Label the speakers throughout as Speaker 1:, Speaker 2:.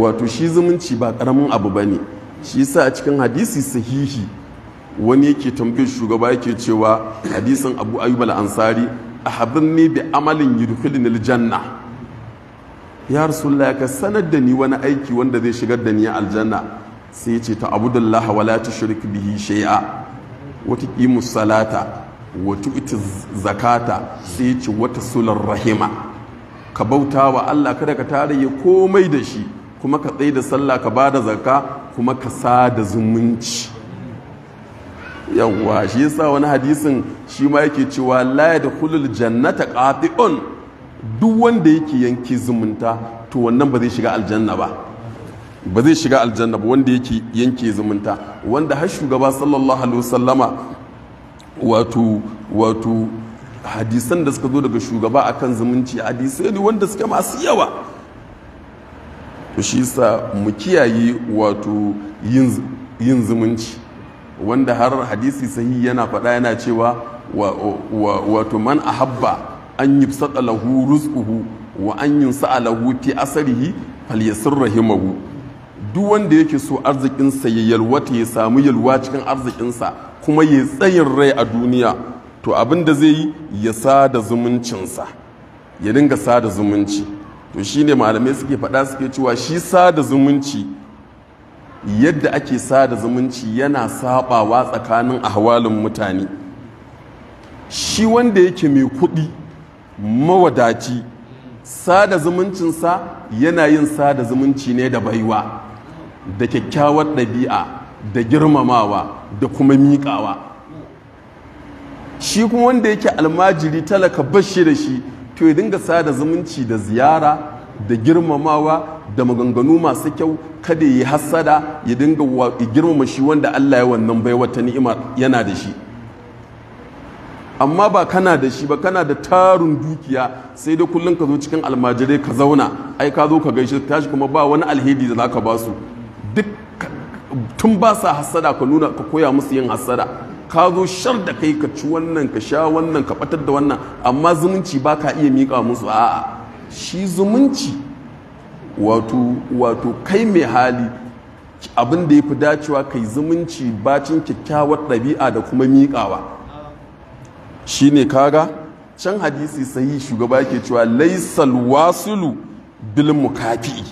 Speaker 1: wato shi zumunci ba karamin abu ba ne shi sa a cikin hadisi sahihi wani yake tambayar shugaba yake cewa hadisin abu ayyub a ansari ne bi amalin yudkhilni aljanna ya rasulullah ka sanar da ni wani aiki wanda zai shigar da ni a aljanna sai ce ta abudullah wa la tushrik bihi shay'a wata tuqimus salata wata ita zakata sai ya ce wa rahima ka bauta wa Allah kada ka ya komai da shi kuma ka tsaye da sallah ka ba da zakka kuma ka sa da zumunci yawwa shi yasa wani hadisin shi ma yake cewa la da hulul jannata qati'un duk wanda yake yanke zumunta to wannan ba zai shiga aljanna ba ba zai shiga aljanna ba wanda yake yanke zumunta wanda har shugaba sallallahu alaihi wasallama wato wato hadisan da suka zo daga shugaba akan zumunci hadisai ne wanda suke masu yawa to shi sa mu kiyaye wato yin zumunci wanda har hadisi sahi yana faɗa yana cewa wato man ahabba an yi lahu rizquhu wa an yi lahu fi asarihi falyasir rahimahu duk wanda yake so arzikinsa ya yalwata ya samu yalwa cikin arzikinsa kuma ya tsayin rai a duniya to abin da zai yi ya sada zumuncinsa ya dinga sada zumunci to shi ne malamai suke faɗa suke cewa shi sada zumunci yadda ake sada zumunci yana sabawa tsakanin ahwalin mutane shi wanda yake mai kuɗi mawadaci sada zumuncinsa yana yin sada zumunci ne da baiwa da kyakkyawar ɗabi'a da girmamawa da kuma miƙawa shi kuma wanda yake almajiri talaka bashi da shi to ya dinga sada zumunci da ziyara da girmamawa da maganganu masu kyau kada ya yi hassada ya dinga girmama shi wanda Allah ya wannan bai wata ni'ima yana da shi amma ba kana da shi ba kana da tarun dukiya sai dai kullum ka zo cikin almajirai ka zauna ai ka zo ka gaishe tashi kuma ba wani alheri da zaka ba su duk tun ba sa hassada ka nuna ka koya musu yin hassada ka zo shar da kai ka ci wannan ka sha wannan ka batar da wannan amma zumunci ba ka iya miƙa musu a'a shi zumunci wato kai mai hali abin da ya fi dacewa kai zumunci bacin kyakkyawar ɗabi'a da kuma miƙawa Shi ne kaga can hadisi sahi shugaba ke cewa laisal wasulu bil mukafi.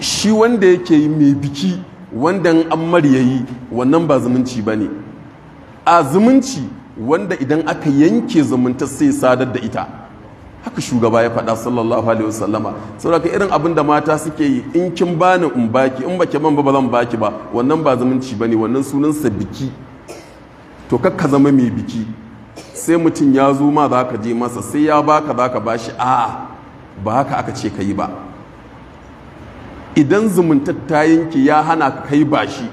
Speaker 1: shi wanda yake yi mai biki wanda an ya yi wannan ba zumunci ba ne a zumunci wanda idan aka yanke zumunta sai sadar da ita haka shugaba ya faɗa sallallahu alaihi wasallama saboda irin abin da mata suke yi in kin bani in baki in baki man ba ba zan baki ba wannan ba zumunci bane wannan sunansa biki to kakka zama mai biki sai mutum ya zo ma za ka je masa sai ya baka za ka bashi a'a ba haka aka ce ka yi ba idan zumunta ta yanki ya hana ka kai bashi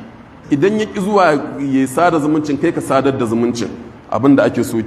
Speaker 1: idan ya ƙi zuwa ya sada zumuncin kai ka sadar da zumuncin abin da ake so